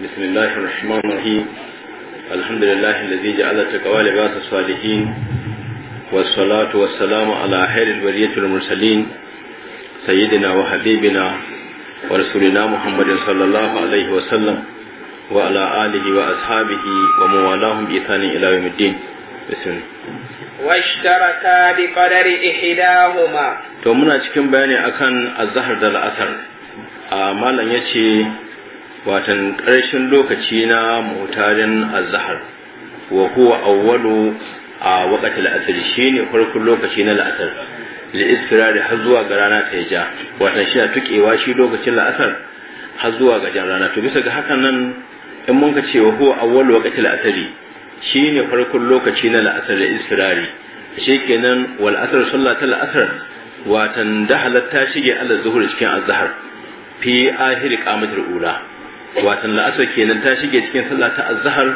بسم الله الرحمن الرحيم الحمد لله الذي جعل تقوى لباس الصالحين والصلاة والسلام على خير البرية المرسلين سيدنا وحبيبنا ورسولنا محمد صلى الله عليه وسلم وعلى آله وأصحابه وموالاهم بإحسان إلى يوم الدين بسم الله واشتركا بقدر إحداهما to muna cikin bayani akan azhar da al'asar malam yace watan ƙarshen lokaci na mutarin azhar wa kuwa awwalu a waqtil asr shine farkon lokaci na la'asar li istirari har zuwa ga rana ta ja watan shi tukewa shi lokacin la'asar har zuwa ga jan rana to bisa ga hakan nan in mun ka ce wa kuwa awwalu waqtil asr shine farkon lokaci na la'asar da shi kenan wal asr sallata la'asar watan da halatta shige ala zuhur cikin zahar fi ahiri qamatul ula watan la'asar kenan ta shige cikin sallah ta azhar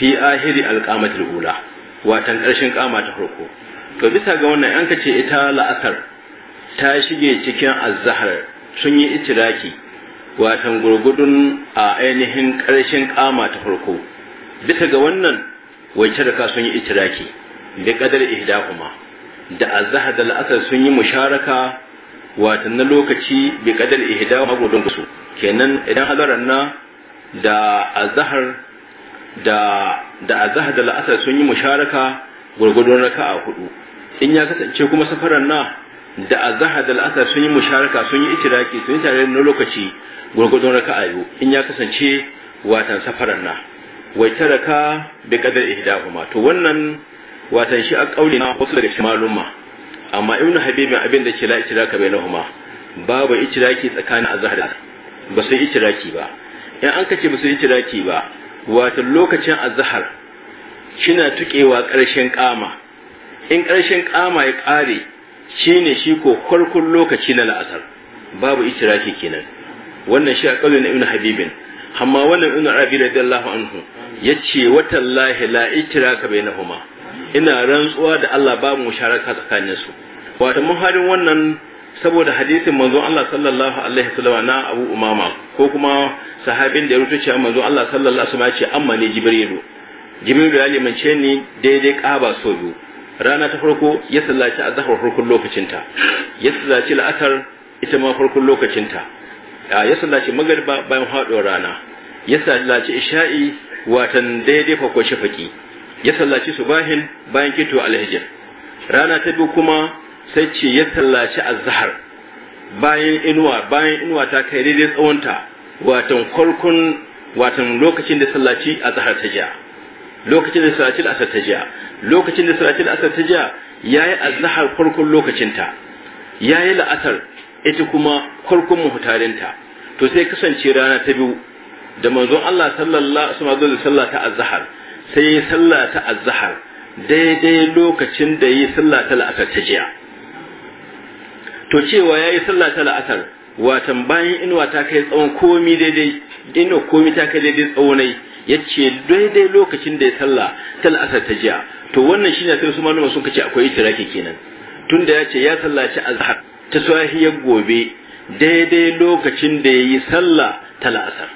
fi ahiri alqamatul ula watan karshen kama ta farko to bisa ga wannan an kace ita la'asar ta shige cikin azhar sun yi itiraki watan gurgudun a ainihin karshen kama ta farko bisa ga wannan wacce da sun yi itiraki da kadar ihdahuma da azhar da la'asar sun yi musharaka watan na lokaci bi kadar ihdahuma gurgudun su kenan idan hadarar nan da azhar da da azhar da la'asar sun yi musharaka gurgudun raka'a hudu in ya kasance kuma safaran na da azhar da la'asar sun yi musharaka sun yi itiraki sun yi tare na lokaci gurgudun raka'a biyu in ya kasance watan safaran na wai taraka bi qadar ihdahuma to wannan watan shi a kauli na wasu daga cikin malumma amma ibnu habibin abin da ke la'itiraka bainahuma babu itiraki tsakanin azhar da ba su yi itiraki ba in an kace ba su yi itiraki ba wato lokacin azhar kina tukewa ƙarshen kama in ƙarshen kama ya ƙare shine shi ko farkon lokaci na la'asar babu itiraki kenan wannan shi a na ibn habibin amma wannan ibn abi radiyallahu anhu yace watallahi la itiraka bainahuma ina rantsuwa da Allah babu musharaka tsakaninsu wato muharin wannan saboda hadisin manzo Allah sallallahu alaihi wasallam na Abu Umama ko kuma sahabin da ya rutuce manzo Allah sallallahu alaihi wasallam ya ce amma ne Jibrilu Jibrilu ya limance ni daidai kaba so biyu rana ta farko ya sallaci azhar farkon lokacinta ya sallaci la'asar ita ma farkon lokacinta ya sallaci magariba bayan haɗuwar rana ya sallaci isha'i watan daidai farkon shafaki ya sallaci subahin bayan kito alhijr rana ta biyu kuma sai ce ya sallaci azhar bayan inuwa bayan inuwa ta kai daidai tsawonta watan farkon watan lokacin da sallaci azhar ta jiya. lokacin da sallaci asar ta jiya, lokacin da sallaci asar ta jiya yayi azhar lokacin ta yayi la'asar ita kuma farkon ta to sai kasance rana ta biyu da manzon Allah sallallahu alaihi wasallam sallah ta azhar sai ya sallah ta azhar daidai lokacin da yi sallah ta la'asar ta jiya to cewa ya yi sallah ta la'asar watan bayan inuwa ta kai tsawon komi daidai inuwa komi ta kai daidai tsawonai ya ce daidai lokacin da ya sallah ta la'asar ta jiya to wannan shine sai su malama sun kace akwai itiraki kenan tunda ya ce ya sallaci azhar ta sahiya gobe daidai lokacin da ya yi sallah ta la'asar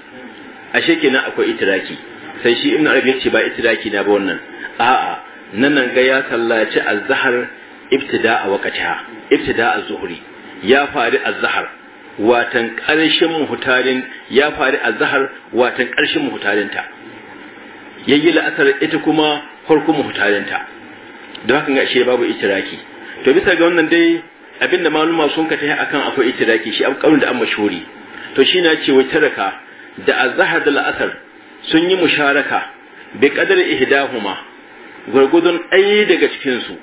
ashe kenan akwai itiraki sai shi ibnu arabi ya ce ba itiraki na ba wannan a'a nan nan ga ya sallaci azhar Ibtida a waqtiha ibtida az-zuhri ya fari az zahar watan ƙarshen muhutarin ya fari az zahar watan ƙarshen muhutarinta yayi la'asar ita kuma farkon muhutarinta da haka ga shi babu itiraki to bisa ga wannan dai abinda maluma sun ka akan akwai itiraki shi abin da an mashuri to shi na ce wai taraka da az zahar da la'asar sun yi musharaka bi qadar ihdahuma gurgudun ɗaya daga cikinsu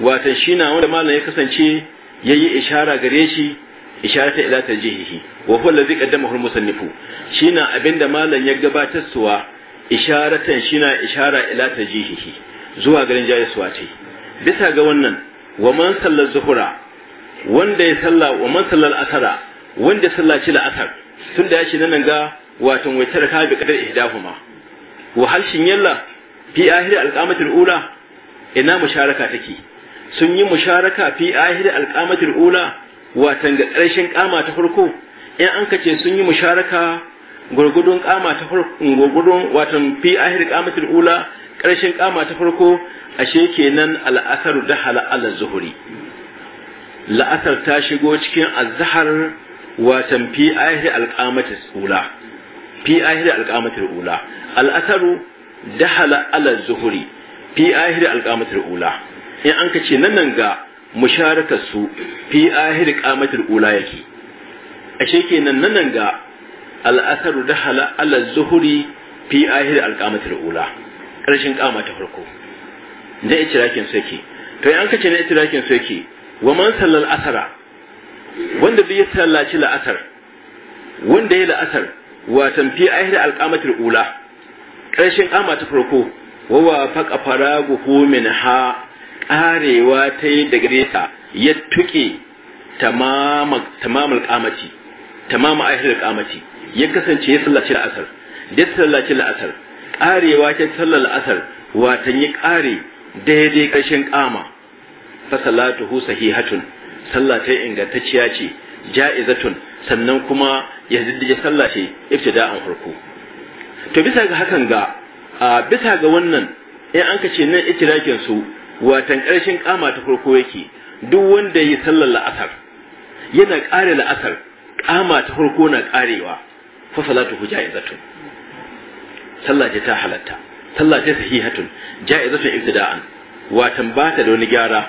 watan shi na wanda malam ya kasance ya yi ishara gare shi ishara ta ila tarjihihi wa huwa allazi qaddamahu al-musannifu shi na abinda malam ya gabatar suwa isharatan shi na ishara ila tarjihihi zuwa garin jayisuwa ce bisa ga wannan wa man sallar zuhura wanda ya salla wa man sallar asara wanda sallaci la'asar tun da ya shi nan ga watan waitar ka bi kadar ihdahuma wa hal shin yalla fi ahli al-qamatil ula ina musharaka take sun yi musharaka fi ahir alqamatil ula watan ga ƙarshen kama ta farko in an kace sun yi musharaka gurgudun kama ta farko gurgudun watan fi ahir qamatil ula ƙarshen kama ta farko ashe kenan al'asar da ala zuhuri la'asar ta shigo cikin azhar watan fi ahir alqamatil ula fi ahir alqamatil ula al'asar dahala ala zuhuri fi ahir alqamatil ula sai an ka ce nan nan ga musharakar su fi ahir qamatul ula yake ashe kenan nan nan ga al'asaru da hala ala zuhuri fi ahir alqamatul ula karshen kama ta farko da itirakin sake to an ka ce na itirakin sake wa man sallal asara wanda bai sallaci la'asar wanda ya la'asar watan fi ahir alqamatul ula karshen kama ta farko wa wa faqa min ha karewa ta yi gare ta ya tuke tamamul kamaci kamati ya kasance ya sallaci la'asar da ya sallaci la'asar karewa ta sallar la'asar watan ya kare daidai ƙarshen kama fa salatuhu sahihatun sallah ta ingantacciya ce ja'izatun sannan kuma ya sallace sallah ce ibtida'an farko to bisa ga hakan ga bisa ga wannan in an ka ce nan itirakin su watan ƙarshen kama ta farko yake duk wanda yi sallar la'asar yana ƙare la'asar kama ta farko na ƙarewa fa salatu hu ja'izatun sallah ta halatta sallah ta sahihatun ja'izatun ibtida'an watan ba ta da wani gyara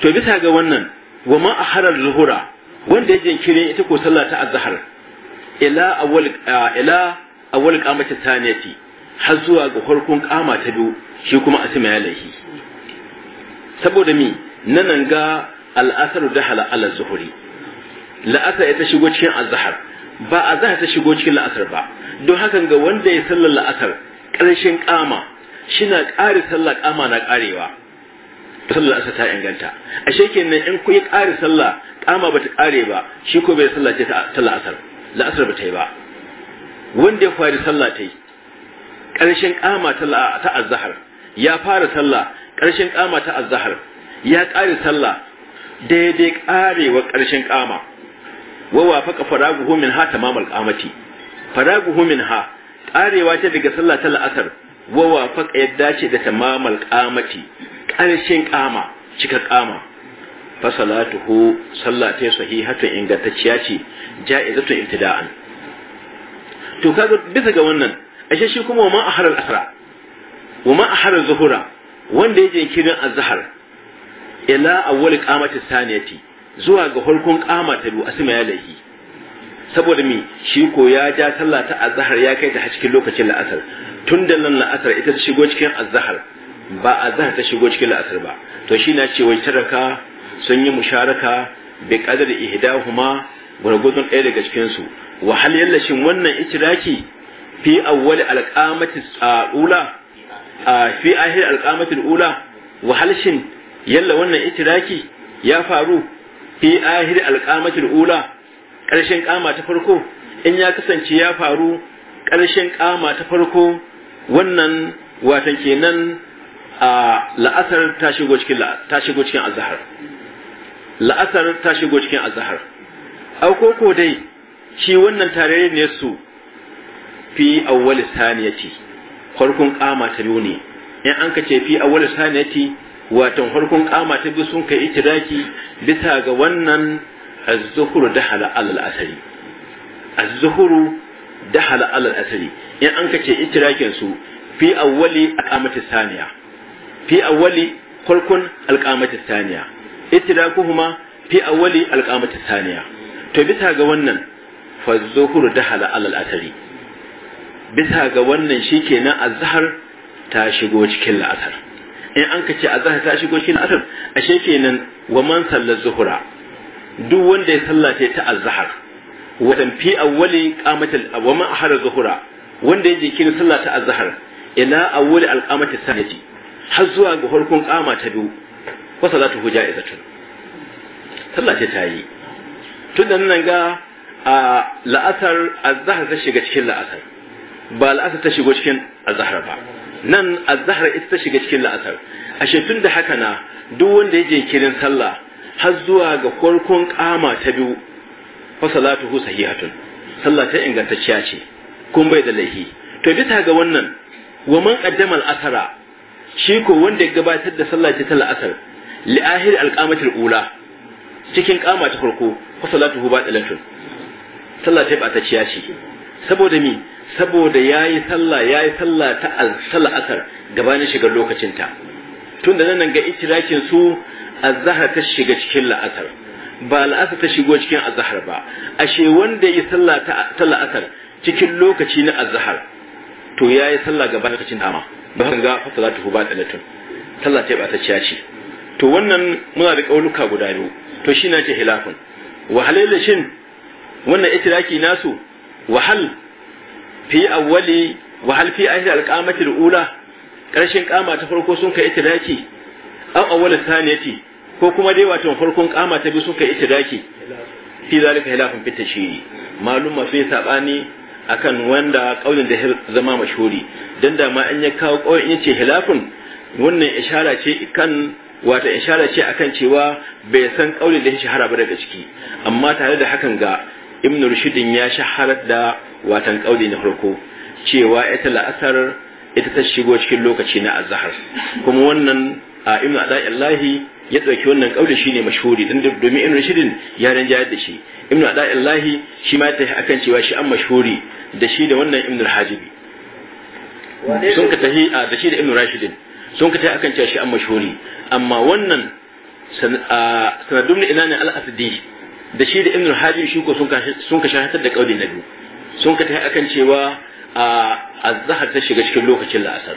to bisa ga wannan wa ma aharar zuhura wanda ya jinkirin ita ko sallah ta azhar ila awwal ila awwal qamati thaniyati har zuwa ga farkon kama ta biyu shi kuma asma ya lahi saboda mi nan ga da dahala ala zuhuri la'asar ita shigo cikin azhar ba azhar ta shigo cikin la'asar ba don hakan ga wanda ya sallar la'asar ƙarshen kama na ƙari sallah kama na ƙarewa sallar asar ta inganta ashe kenan in ku yi ƙari sallah kama bata ƙare ba shi ko bai sallah ce ta la'asar la'asar ba ta yi ba wanda ya fari sallah ta yi ƙarshen kama ta azhar ya fara sallah ƙarshen kama ta azhar ya ƙare sallah daidai ƙarewa ƙarshen kama Wawa wafaqa faraguhu min ha tamamal qamati faraguhu min ha ƙarewa ta daga sallah ta la'asar wawa wafaqa ya dace da tamamal qamati ƙarshen kama cika kama fa salatuhu sallah ta sahihatun ingantacciya ce ja'izatun ibtida'an to kaga bisa ga wannan ashe shi kuma wa ma aharal asra wa ma aharal zuhura wanda ya jinkirin azhar ila awwal qamati saniyati zuwa ga farkon kama ta biyu asima ya lahi saboda mi shi ko ya ja sallah ta azhar ya kai ta a cikin lokacin la'asar tun da nan la'asar ita ta shigo cikin azhar ba azhar ta shigo cikin la'asar ba to shi na wai taraka sun yi musharaka bi qadri ihdahuma gurgudun ɗaya daga cikin su wa hal yallashin wannan itiraki fi awwal alqamati ula fi ahir alƙamatul ula wahalshin yalla wannan itiraki ya faru fi ahir alƙamatul ula ƙarshen ƙama ta farko in ya kasance ya faru ƙarshen ƙama ta farko wannan watan kenan a la'asar ta shigo cikin ta shigo cikin azhar la'asar ta shigo cikin azhar au koko dai shi wannan tarayyar ne su fi awwal saniyati farkon kama ta biyu ne in an ka ce fi wani sanati watan farkon kama ta biyu sun kai itiraki bisa ga wannan az-zuhur dahala alal asari az-zuhur dahala alal asari in an ka ce itirakin su fi awwali aqamati saniya fi awwali farkon alqamati saniya itirakuhuma fi awwali alqamati saniya to bisa ga wannan fa az-zuhur dahala alal asari bisa ga wannan shikenan azhar ta shigo cikin la'asar in an ka ce azhar ta shigo cikin la'asar ashe kenan wa man salla zuhura duk wanda ya sallace ta azhar wa fi awwali qamatil wa man ahara zuhura wanda ya jikin sallata ta azhar ila awwali alqamati sanati har zuwa ga farkon kama ta biyu wa salatu hujaizatun sallah Sallace ta yi Tunda nan ga a la'asar azhar ta shiga cikin la'asar ba la'asar ta shigo cikin azahar ba nan azahar ita ta shiga cikin la'asar ashe tun da haka na duk wanda ya je kirin sallah har zuwa ga farkon kama ta biyu fa salatuhu sahihatun sallah ta ingantacciya ce kun bai da laifi to bisa ga wannan wa man qaddama shi ko wanda ya gabatar da sallah ta la'asar li ahir al-qamatil ula cikin kama ta farko fa salatuhu batilatun sallah ta ba ta ciya ce saboda mi saboda ya yi sallah ya yi sallah ta sallah asar gabanin shiga lokacinta tun da nan ga itirakin su azahar ta shiga cikin la'asar ba la'asar ta shigo cikin azahar ba ashe wanda ya yi sallah ta asar cikin lokaci na azahar to ya yi sallah gabanin lokacin dama ba haka ga fa salatu ba latun sallah ta ba ta ciya ce to wannan muna da kauluka guda biyu to shi na ce hilafin wa shin wannan itiraki nasu wahal fi awwali wa hal fi ahli alqamati alula karshen kama ta farko sun kai itidaki aw awwal thaniyati ko kuma dai wato farkon kama ta biyu sun kai itidaki fi zalika hilafun fi tashiri malum ma sai sabani akan wanda kaulin da zama mashhuri dan da ma an ya kawo in yace hilafun wannan ishara ce kan wata ishara ce akan cewa bai san kaulin da ya shahara ba daga ciki amma tare da hakan ga ibn rushidin ya shaharar da watan kauli na farko cewa ita la'asar ita ta shigo cikin lokaci na azhar kuma wannan a ibn ada'illahi ya dauki wannan kauli shine mashhuri dan domin ibn rushidin ya ranja da shi ibn ada'illahi shi ma ta akan cewa shi an mashhuri da shi da wannan ibn hajibi sun ka tahi da shi da ibn rashidin sun ka tahi akan cewa shi an mashhuri amma wannan sanadun ina ne al-asdi da shi da ibn hajim shi ko sun ka shahatar da kauli na sun ka tafi akan cewa a azhar ta shiga cikin lokacin la'asar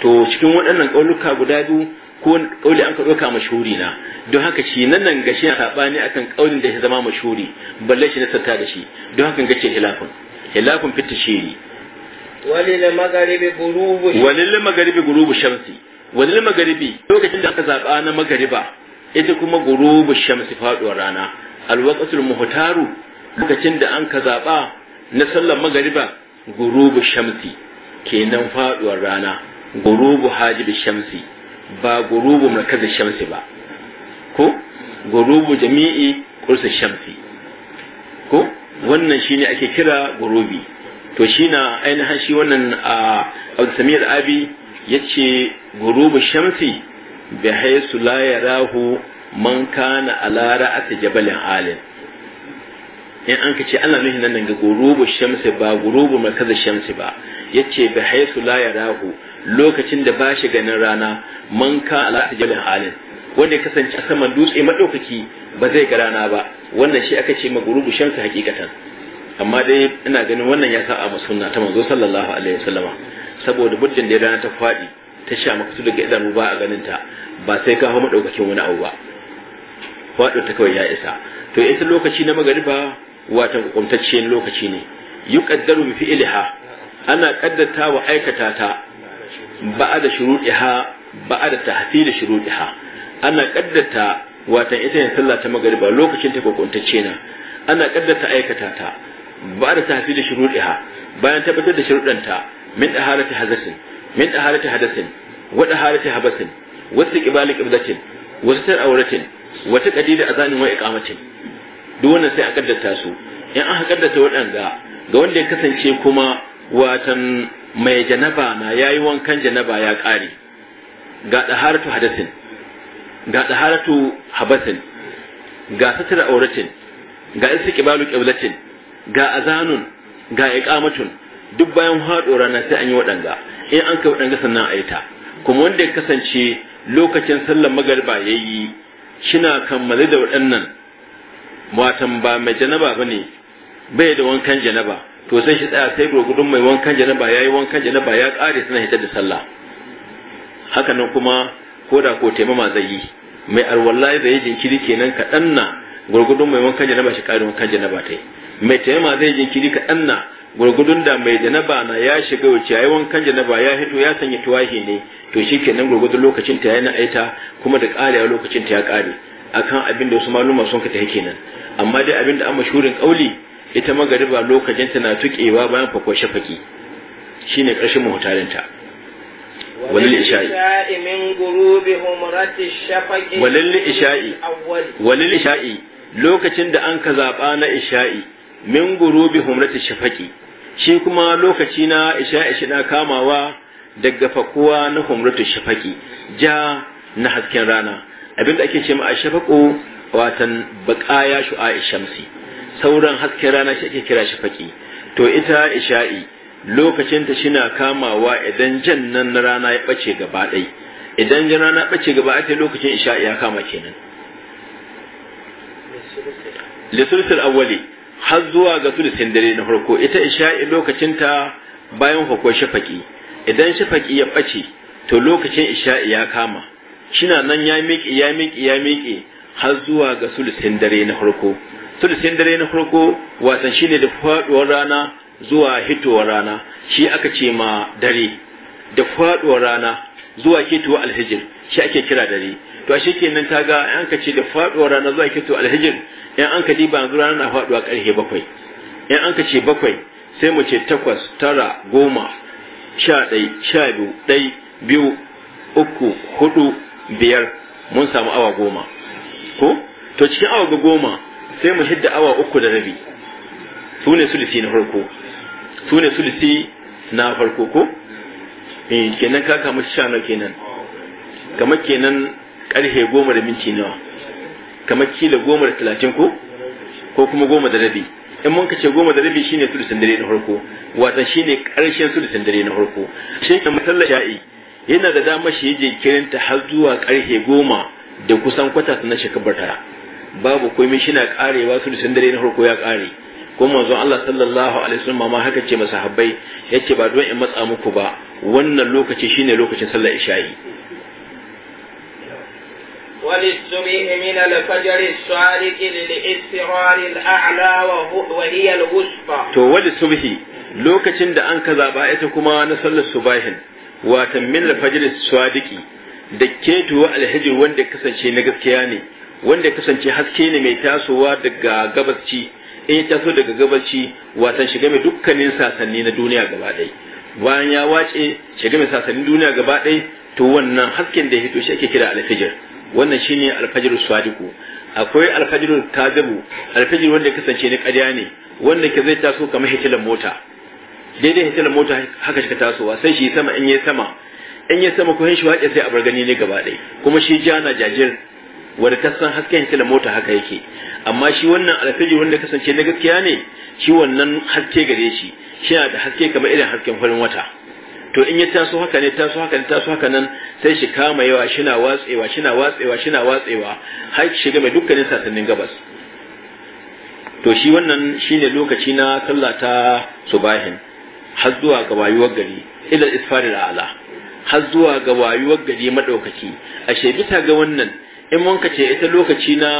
to cikin waɗannan kauluka guda biyu ko kauli an ka ɗauka mashhuri na don haka shi nan nan gashi a sabani akan kaulin da ya zama mashhuri balle shi na sarta da shi don haka gace hilafin hilafin fitta shiri walil magharibi gurubu walil magharibi gurubu shamsi walil magharibi lokacin da aka zaba na magariba ita kuma gurubu shamsi faduwar rana alwaqtul muhtaru lokacin da an ka zaba na sallar magariba gurubu shamsi kenan faɗuwar rana gurubu hajib shamsi ba gurubu markaz shamsi ba ko gurubu jami'i kursa shamsi ko wannan shine ake kira gurubi to shi na ainihin shi wannan a samir abi ya ce gurubu shamsi bi haisu la ya man kana ala ra'ati jabalin alin in an ka ce ana nuhi nan ga gurubu shamsi ba gurubu markazin shamsi ba yace bi haisu la yarahu lokacin da ba shi ganin rana man ka ala jabalin alin wanda ya kasance a saman dutse madaukaki ba zai ga rana ba wannan shi aka ce ma gurubu shamsi hakikatan amma dai ina ganin wannan ya sa a musunna ta manzo sallallahu alaihi wasallama saboda buddin da rana ta fadi ta sha makasu daga idanu ba a ganin ta ba sai ka hawo madaukakin wani abu ba faɗo ta kawai ya isa to isa lokaci na magariba wata hukuntacciyar lokaci ne ƙaddaru mafi iliha ana kaddata wa aikata ta ba'a da shuruɗiha ba'a da tahsil shuruɗiha ana kaddata wata ita yin sallah ta magariba lokacin ta hukuntacce na ana kaddata aikata ta a da tahsil shuruɗiha bayan tabbatar da shuruɗanta min da dahalati hadasin min da dahalati hadasin wa dahalati habasin wasu kibali kiblatin wasu tar'auratin wata kadida azanin wa iqamatin duk wannan sai a kaddata su in aka kaddata waɗanda ga wanda ya kasance kuma watan mai janaba na yayi wankan janaba ya ƙare ga daharatu hadasin ga daharatu habasin ga satara auratin ga istiqbalu qiblatin ga azanun ga iqamatun duk bayan haɗo rana sai an yi waɗanga in an kai waɗanga sannan a yi ta kuma wanda ya kasance lokacin sallar magariba ya yi shina kammale da waɗannan watan ba mai janaba ba ne bai da wankan janaba to sai shi tsaya sai gurgudun mai wankan janaba ya yi wankan janaba ya ƙare suna hita da sallah haka nan kuma ko da ko taimama zai yi mai alwallahi zai yi jinkiri kenan ka na gurgudun mai wankan janaba shi ƙare wankan janaba ta yi mai taimama zai yi jinkiri ka na gurgudun da mai janaba na ya shiga wuce ai wankan janaba ya hito ya sanya tuwahi ne to shikenan gurgudun lokacin ta yana aita kuma da a lokacin ta ya kare akan abin da wasu maluma sun kata kenan amma dai abin da an mashhurin kauli ita magariba lokacin ta na tukewa bayan fakwa shafaki shine karshen muhtarinta walil isha'i min gurubi humrati walil isha'i walil isha'i lokacin da an ka zaba na isha'i min gurubi humrati shafaki shi kuma lokaci na isha'i na kamawa daga fakuwa na humratu shafaƙi ja na hasken rana abinda ake ce ma shafako watan baqaya shu'a'i shamsi sauran hasken rana shi ake kira shafaki to ita isha'i lokacin ta shina kamawa idan jan nan na rana ya bace gaba ɗai idan jan rana bace gaba ɗai lokacin isha'i ya kama kenan lisulsul awwali har zuwa ga sulusin dare na farko ita isha'i lokacinta bayan hukun shafaki idan shafaki ya ɓace to lokacin isha'i ya kama shina nan ya miƙe ya miƙe ya miƙe har zuwa ga sulusin dare na farko sulusin dare na farko wasan shine da faɗuwar rana zuwa hitowar rana shi aka ce ma dare da faɗuwar rana zuwa hitowar alhijir shi ake kira dare to ashe kenan ta ga an ka ce da faɗuwar rana zuwa hitowar alhijir in an ka diba yanzu rana na faduwa karfe bakwai in an ka ce bakwai sai mu ce takwas tara goma sha ɗai sha biyu ɗai biyu uku hudu biyar mun samu awa goma ko to cikin awa ga goma sai mu shidda awa uku da rabi su ne sulisi na farko su ne sulisi na farko ko eh, kenan ka kama sha na kenan kamar kenan karfe goma da minti nawa kamar kila goma da talatin ko ko kuma goma da rabi in mun kace goma da rabi shine sulusin dare na farko wato shine karshen sulusin dare na farko shi kan masallar sha'i yana da dama shi yaje kirinta har zuwa karfe goma da kusan kwata na shekarar tara babu komai shi na karewa sulusin dare na farko ya kare ko manzon Allah sallallahu alaihi wasallam ma haka ce masahabbai yace ba don in matsa muku ba wannan lokaci shine lokacin sallar isha'i وللصبح من الفجر الصادق للاستقرار الأعلى وهي الوسطى تو وللصبح lokacin da an ka zaɓa ita kuma na sallar subahin watan min alfajr swadiki da ketuwa wanda kasance na gaskiya ne wanda kasance haske ne mai tasowa daga gabasci in ya taso daga gabasci watan shiga mai dukkanin sasanni na duniya gaba ɗaya bayan ya wace shiga mai sasannin duniya gaba ɗaya to wannan hasken da ya hito shi ake kira alfijir wannan shine alfajr sadiqu akwai alfajr kadibu alfajr wanda ya kasance na ƙarya ne wanda ke zai taso kamar hitilan mota daidai hitilan mota haka shi ka tasowa sai shi sama in yi sama in yi sama ko hinshi waƙe sai a bargani ne gaba ɗaya kuma shi jana jajir wanda ta san hasken hitilan mota haka yake amma shi wannan alfajr wanda kasance na gaskiya ne shi wannan haske gare shi shi da haske kamar irin hasken farin wata to in ya taso haka ne taso haka ne taso haka nan sai shi kama yawa shina watsewa shina watsewa shina watsewa har shiga mai dukkanin sasannin gabas to shi wannan shine lokaci na sallah ta subahin har zuwa ga wayuwar gari ila isfaril ala har zuwa ga wayuwar gari madaukaki ashe bisa ga wannan in wanka ce ita lokaci na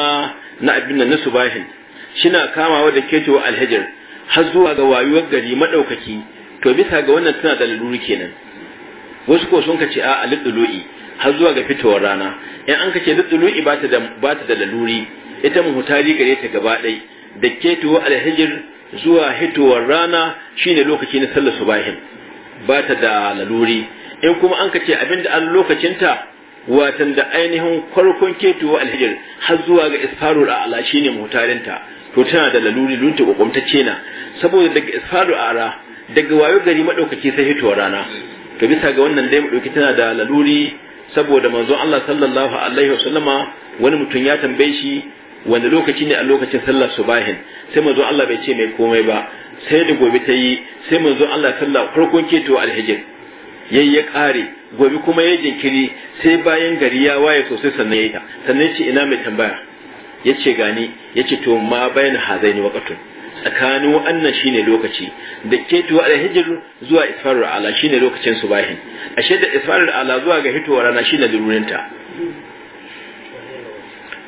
na abin nan na subahin shina kamawa da keto alhajar har zuwa ga wayuwar gari madaukaki to bisa ga wannan tana da laluri kenan wasu ko sun kace a lidulu'i har zuwa ga fitowar rana in an kace lidulu'i ba ta da ba ta da laluri ita hutari gare ta gaba dai da keto alhijr zuwa hitowar rana shine lokaci na sallar subahin ba ta da laluri in kuma an kace abinda an lokacinta watan da ainihin farkon ketuwa alhijr har zuwa ga isfarul a'la shine mutarinta to tana da laluri lunta ce na saboda daga isfarul a'la daga wayo gari madaukaki sai hito rana to bisa ga wannan dai madauki tana da laluri saboda manzon Allah sallallahu alaihi wasallama wani mutum ya tambaye shi wanda lokaci ne a lokacin sallar subahin sai manzon Allah bai ce mai komai ba sai da gobe ta yi sai manzon Allah sallallahu farkon keto alhijir yayi ya kare gobe kuma ya jinkiri sai bayan gari ya waye sosai sannan ya ta sannan ce ina mai tambaya ya ce gani ya ce to ma bayan hazaini wakatun tsakanin wannan shine lokaci da ketu da hijr zuwa isfarul ala shine lokacin bahin ashe da isfarul ala zuwa ga hito rana shine dururinta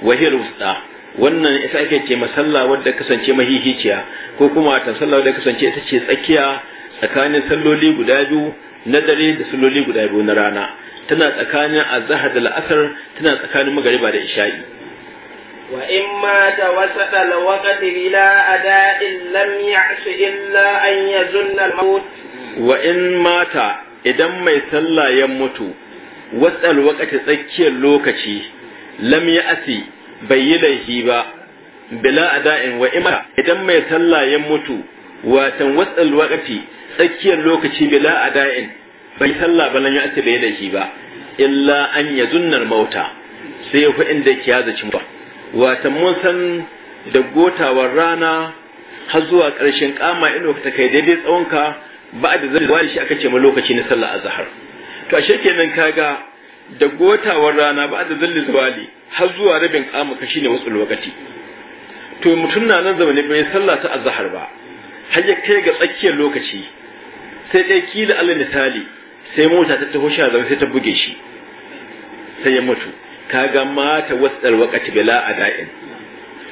wahir usta wannan ita ake ce masalla wadda kasance mahihiciya ko kuma ta sallah wadda kasance ita ce tsakiya tsakanin salloli guda biyu na dare da salloli guda biyu na rana tana tsakanin azhar da la'asar tana tsakanin magariba da isha'i wa in ma ta wasa ɗala waka tibila a da'in lamya a shi illa an ya zunna mawut wa in ma ta idan mai salla ya mutu wasa ɗala waka ta tsakiyar lokaci lamya a shi bai yi laifi ba bila a da'in wa idan mai salla ya ta tsakiyar lokaci bila a da'in bai salla ba lamya a shi bai yi laifi ba illa an ya zunna sai ya fi inda kiyar da wata mun san da gotawar rana har zuwa ƙarshen kama ido ta kai daidai tsawonka ba da zai zuwa shi aka ce ma lokaci na sallah azhar to ashe kenan kaga da gotawar rana ba da zalli zuwali har zuwa rabin kama ka shine wasu lokaci to mutum na nan zamani bai sallah ta azhar ba har ya kai ga tsakiyar lokaci sai dai kila Allah misali sai mota ta taho sha zama sai ta buge shi sai ya mutu ga mata wasdar wakati bila ada'in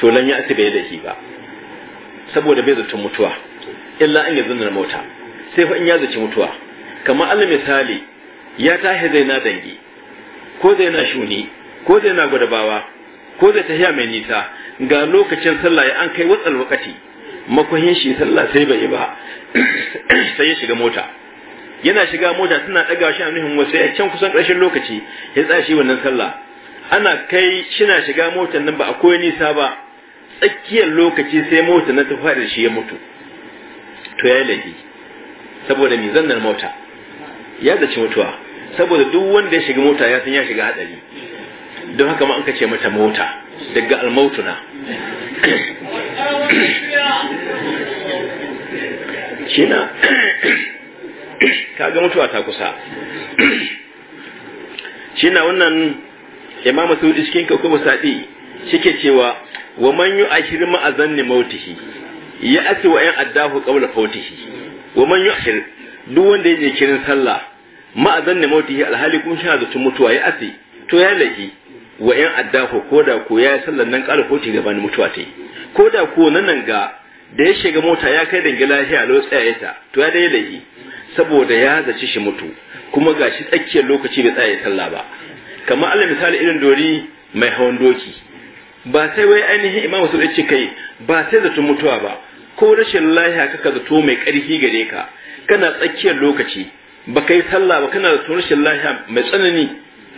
to lan ya asibe da shi ba saboda bai zaton mutuwa illa an yi na mota sai fa in ya zaci mutuwa kamar Allah misali ya tahi zai na dangi ko zai na shuni ko zai na gwadabawa ko zai tafiya mai nisa ga lokacin sallah ya an kai wasdar wakati makohin shi sallah sai bai ba sai ya shiga mota yana shiga mota suna ɗaga shi a nuhin wasu ya can kusan ƙarshen lokaci ya shi wannan sallah ana kai shina shiga motar nan ba akwai nisa ba tsakiyar lokaci sai mota na tafi da shi ya mutu to ya laifi saboda zannar mota ya zaci mutuwa saboda duk wanda ya shiga mota ya san ya shiga hadari don haka ma an kace mata mota daga almautuna kina kaga mutuwa ta kusa shina wannan imam saudi cikin ka kuma sadi shike cewa wa man yu'ashir ma azanni mautihi ya ati wa yan addahu qawla fautihi wa man yu'ashir duk wanda yake kirin sallah ma azanni mautihi alhali kun sha da mutuwa ya ati to ya laki wa yan addahu koda ko ya sallan nan qala fautihi gaban mutuwa tai koda ko nan nan ga da ya shiga mota ya kai dangi lafiya lo tsaye ta to ya dai laki saboda ya zaci shi mutu kuma gashi tsakiyar lokaci bai tsaye sallah ba kamar Allah misali irin dori mai hawan doki ba sai wai ainihin imamu sun ce kai ba sai zato mutuwa ba ko rashin lahiya kaka zato mai ƙarfi gare ka kana tsakiyar lokaci ba kai sallah ba kana zato rashin lahiya mai tsanani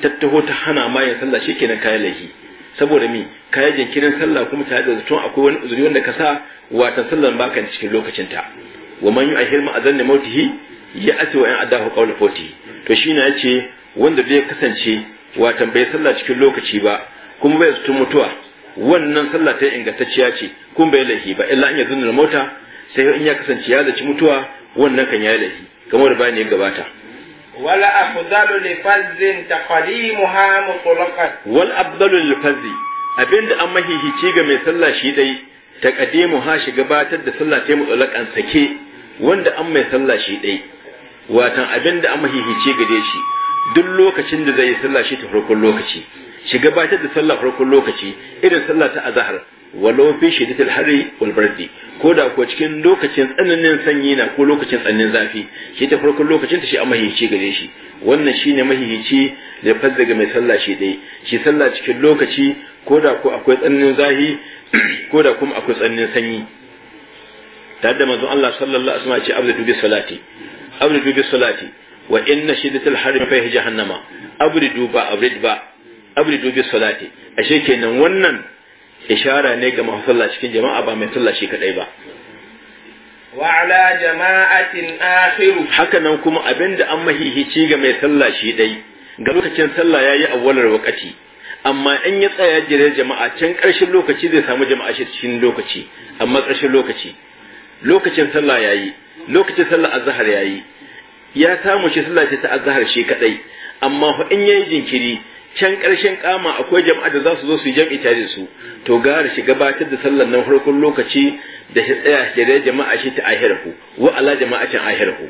tattaho ta hana ma yin sallah shikenan kayan lahi saboda mi kayan jinkirin sallah kuma tare da zaton akwai wani uzuri wanda ka sa watan sallan baka cikin lokacin lokacinta wa man a zan azan mautihi ya ati wa in adahu qawla fawtihi to shi shine ce wanda zai kasance watan bai sallah cikin lokaci ba kuma bai zutun mutuwa wannan sallah ta ingantacciya ce kuma bai laifi ba illa an ya zunna mota sai in ya kasance ya zaci mutuwa wannan kan ya laifi kamar da bayani ya gabata wala afdalu li fazzin taqdimuha mutlaqan wal afdalu li fazzi abinda an mahihici ga mai sallah shi dai taqdimuha shi gabatar da sallah ta mutlaqan sake wanda an mai sallah shi dai watan abinda an mahihici dai shi duk lokacin da zai yi sallah shi ta farkon lokaci shi gabatar da sallah farkon lokaci irin sallah ta azhar walau fi shiddatil hari wal bardi ko da ko cikin lokacin tsananin sanyi na ko lokacin tsananin zafi shi ta farkon lokacin ta shi a mahihici gare shi wannan shine mahihici da fazzaga mai sallah shi dai shi sallah cikin lokaci ko da ko akwai tsananin zafi ko da kuma akwai tsananin sanyi tare da manzon Allah sallallahu alaihi wasallam ya ce abdu bi salati abdu bi salati wa inna shiddatul harri fa jahannama abri duba abrid ba abri dubi salati ashe kenan wannan ishara ne ga masu sallah cikin jama'a ba mai sallah shi kadai ba wa ala jama'atin akhiru haka nan kuma abinda an mahihici ga mai sallah shi dai ga lokacin sallah yayi awwalar wakati amma in ya tsaya jira jama'a can karshen lokaci zai samu jama'a shi cikin lokaci amma karshen lokaci lokacin sallah yayi lokacin sallah azhar yayi ya samu shi sallah ta azhar shi kadai amma fa in yayi jinkiri can ƙarshen kama akwai jama'a da za su zo su yi jam'i tare su to gara shi gabatar da sallar nan farkon lokaci da shi tsaya da jama'a shi ta ahirahu wa ala jama'atin Abin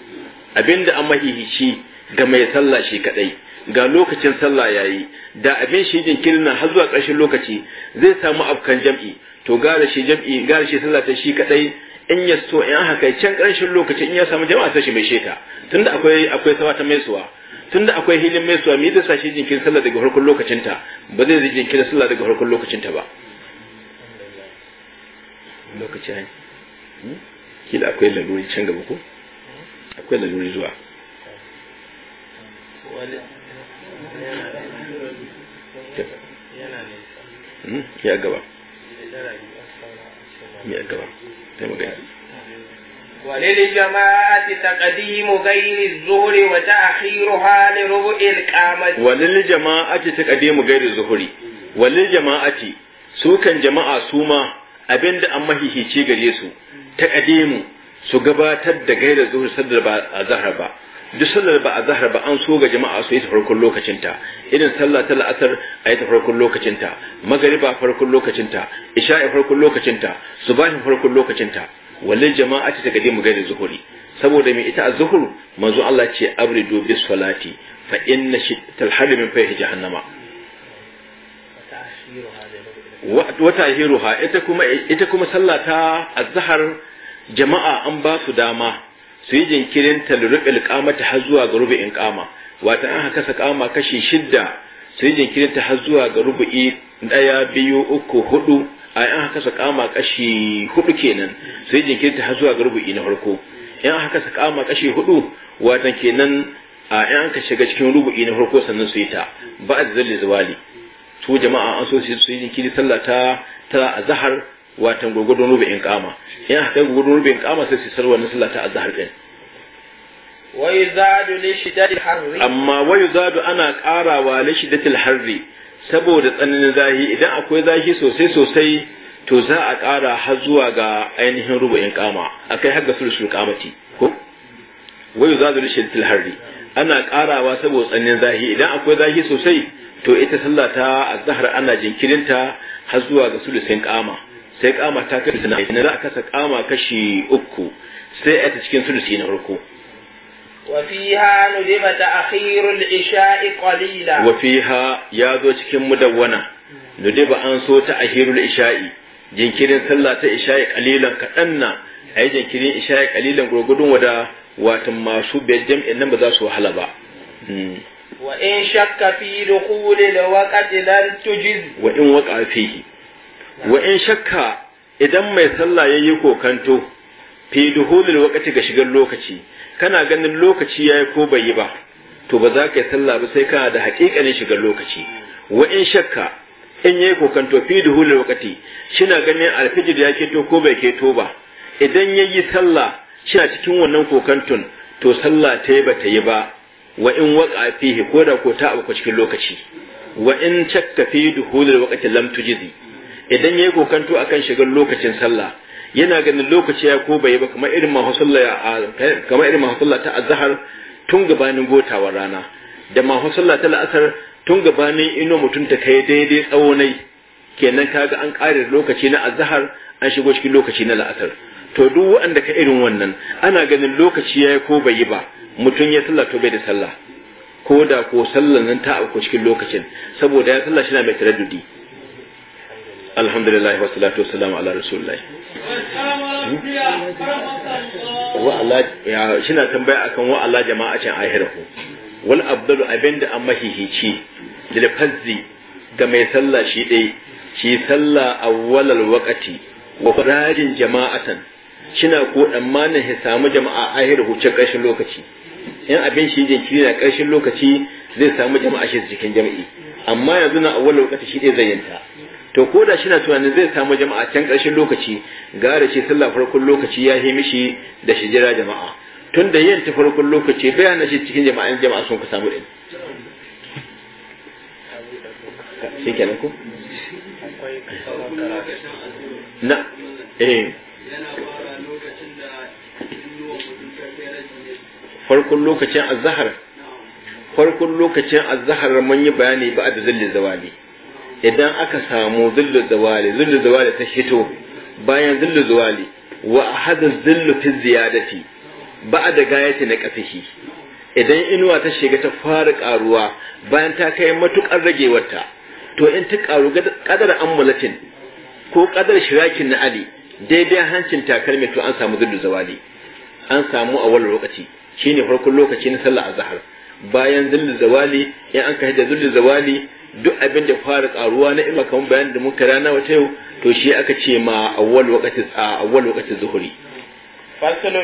abinda an mahihici ga mai sallah shi kadai ga lokacin sallah yayi da abin shi jinkirin na har zuwa ƙarshen lokaci zai samu afkan jam'i to gara shi jam'i gara shi sallah ta shi kadai in ya so in aka kai can ƙarshen lokaci in ya samu jama'a sai shi mai sheka tunda akwai akwai sawata ta suwa tunda akwai hilin mai suwa zai sa shi jinkin sallah daga farkon lokacin ta ba zai jinkirin sallah daga farkon lokacin ta ba lokaci ne hmm? kila akwai laluri can gaba ko akwai laluri zuwa hmm? ya gaba ya gaba sai mu gani وللجماعة تقديم غير الظهر وتأخيرها لربع القامة وللجماعة تقديم غير الظهر وللجماعة sukan jama'a su ma abinda an mahihici gare su ta su gabatar da gairar zuhur sadar ba a zahar ba duk sallar ba a zahar ba an so ga jama'a su yi ta farkon lokacinta irin sallah ta la'asar a yi ta farkon lokacinta magariba farkon lokacinta isha'i farkon lokacinta subahin farkon lokacinta wallin jama'a ta gade mu gari zuhuri saboda mai ita a zuhur manzo Allah ce abridu bis salati fa inna shiddatal min fayhi jahannama wa tahiruha ita kuma ita kuma sallata azhar jama'a an ba su dama su yi jinkirin talrubil kamata har zuwa ga rubu'in kama wata an kasa kama kashi shidda su yi jinkirin ta har zuwa ga rubu'i ɗaya, biyu uku hudu a an kasa kama kashi hudu kenan su yi jinkirin ta har zuwa ga rubu'i na farko in aka kasa kama kashi hudu watan kenan a an ka shiga cikin rubu'i na farko sannan su yi ta ba a zalli zawali To jama'a an so su yi jinkiri sallah ta ta a zahar watan gurgudun rubin kama in aka kai gurgudun rubin kama sai su sarwa na sallah ta azhar din wa yuzadu li shiddatil harri amma wa yuzadu ana karawa li shiddatil harri saboda tsananin zahi idan akwai zahi sosai sosai to za a kara har zuwa ga ainihin rubu'in kama akai har ga sulsul kamati ko wa yuzadu li shiddatil harri ana karawa saboda tsananin zahi idan akwai zahi sosai to ita sallah ta azhar ana jinkirinta har zuwa ga sulusin kama sai kama ta kai suna ina za a kasa kama kashi uku sai a cikin sulusi na farko وفيها ندم تأخير العشاء Wafiha ya zo cikin mudawwana nudiba an so ta isha isha'i jinkirin sallah ta isha'i kalilan kadan na ai jinkirin isha'i kalilan gurgudun wada wata masu bejjem in nan ba za su wahala ba hmm. wa in shakka fi dukhuli lawaqati lan tujiz wa in waqa fihi wa in shakka idan mai sallah yayi kokanto fi duhulil waqti ga shigar lokaci kana ganin lokaci yayi ko bai yi ba to ba za ka yi sallah ba sai kana da haƙiƙanin shigar lokaci wa in shakka in yayi kokanto fi duhulil waqti shina ganin alfijir ya keto ko bai keto ba idan yayi sallah shina cikin wannan kokanton to sallah ta yi ba ta yi ba wa in waqa fihi ko da ko ta abu cikin lokaci wa in shakka fi duhulil waqti lam tujizi idan ya yayi kokanto akan shigar lokacin sallah yana ganin lokaci ya ko bai ba kamar irin kamar irin ta azhar tun gabanin gotawar rana da mahusalla ta la'asar tun gabanin ino mutum ta kai daidai tsawonai kenan kaga an kare lokaci na azhar an shigo cikin lokaci na la'asar to duk wanda ka irin wannan ana ganin lokaci ya ko bai ba mutum ya sallah to bai da sallah ko da ko sallan nan ta auku cikin lokacin saboda ya sallah shi na mai taraddudi alhamdulillah wa salatu wa salamu ala rasulullah hmm? wa'ala ya shina tambaya akan wa'ala jama'atin ahirahu wal abdalu abinda an mahihici lil fazzi ga mai sallah shi dai shi sallah walal waqati wa farajin jama'atan shina ko tsammanin ya samu jama'a ahirahu cikin ƙarshen lokaci in abin shi kiri na ƙarshen lokaci zai samu jama'a shi cikin jami'i amma yanzu na awwalal waqati shi dai zayyanta to ko da shi na tunanin zai samu jama'a can ƙarshen lokaci gara shi sallah farkon lokaci ya yi mishi da shi jira jama'a tun da yin ta farkon lokaci bayan shi cikin jama'an jama'a sun ka samu ɗin shi ko na eh farkon lokacin azahar, farkon lokacin azahar mun yi bayani ba da zillin zawali idan aka samu zullu zawali zullu zawali ta hito bayan zullu zawali wa hada zullu fi ziyadati ba da gayati na kafihi idan inuwa ta shiga ta fara karuwa bayan ta kai matukar ragewarta to in ta karu kadar ammulatin ko kadar shirakin na ali daidai hancin takalmi to an samu zullu zawali an samu a wani lokaci shine farkon lokaci na sallah azhar bayan zullu zawali in an ka da zullu zawali duk abin da fara karuwa na ima kamar bayan da muka rana wata yau to shi aka ce ma a waqti zuhuri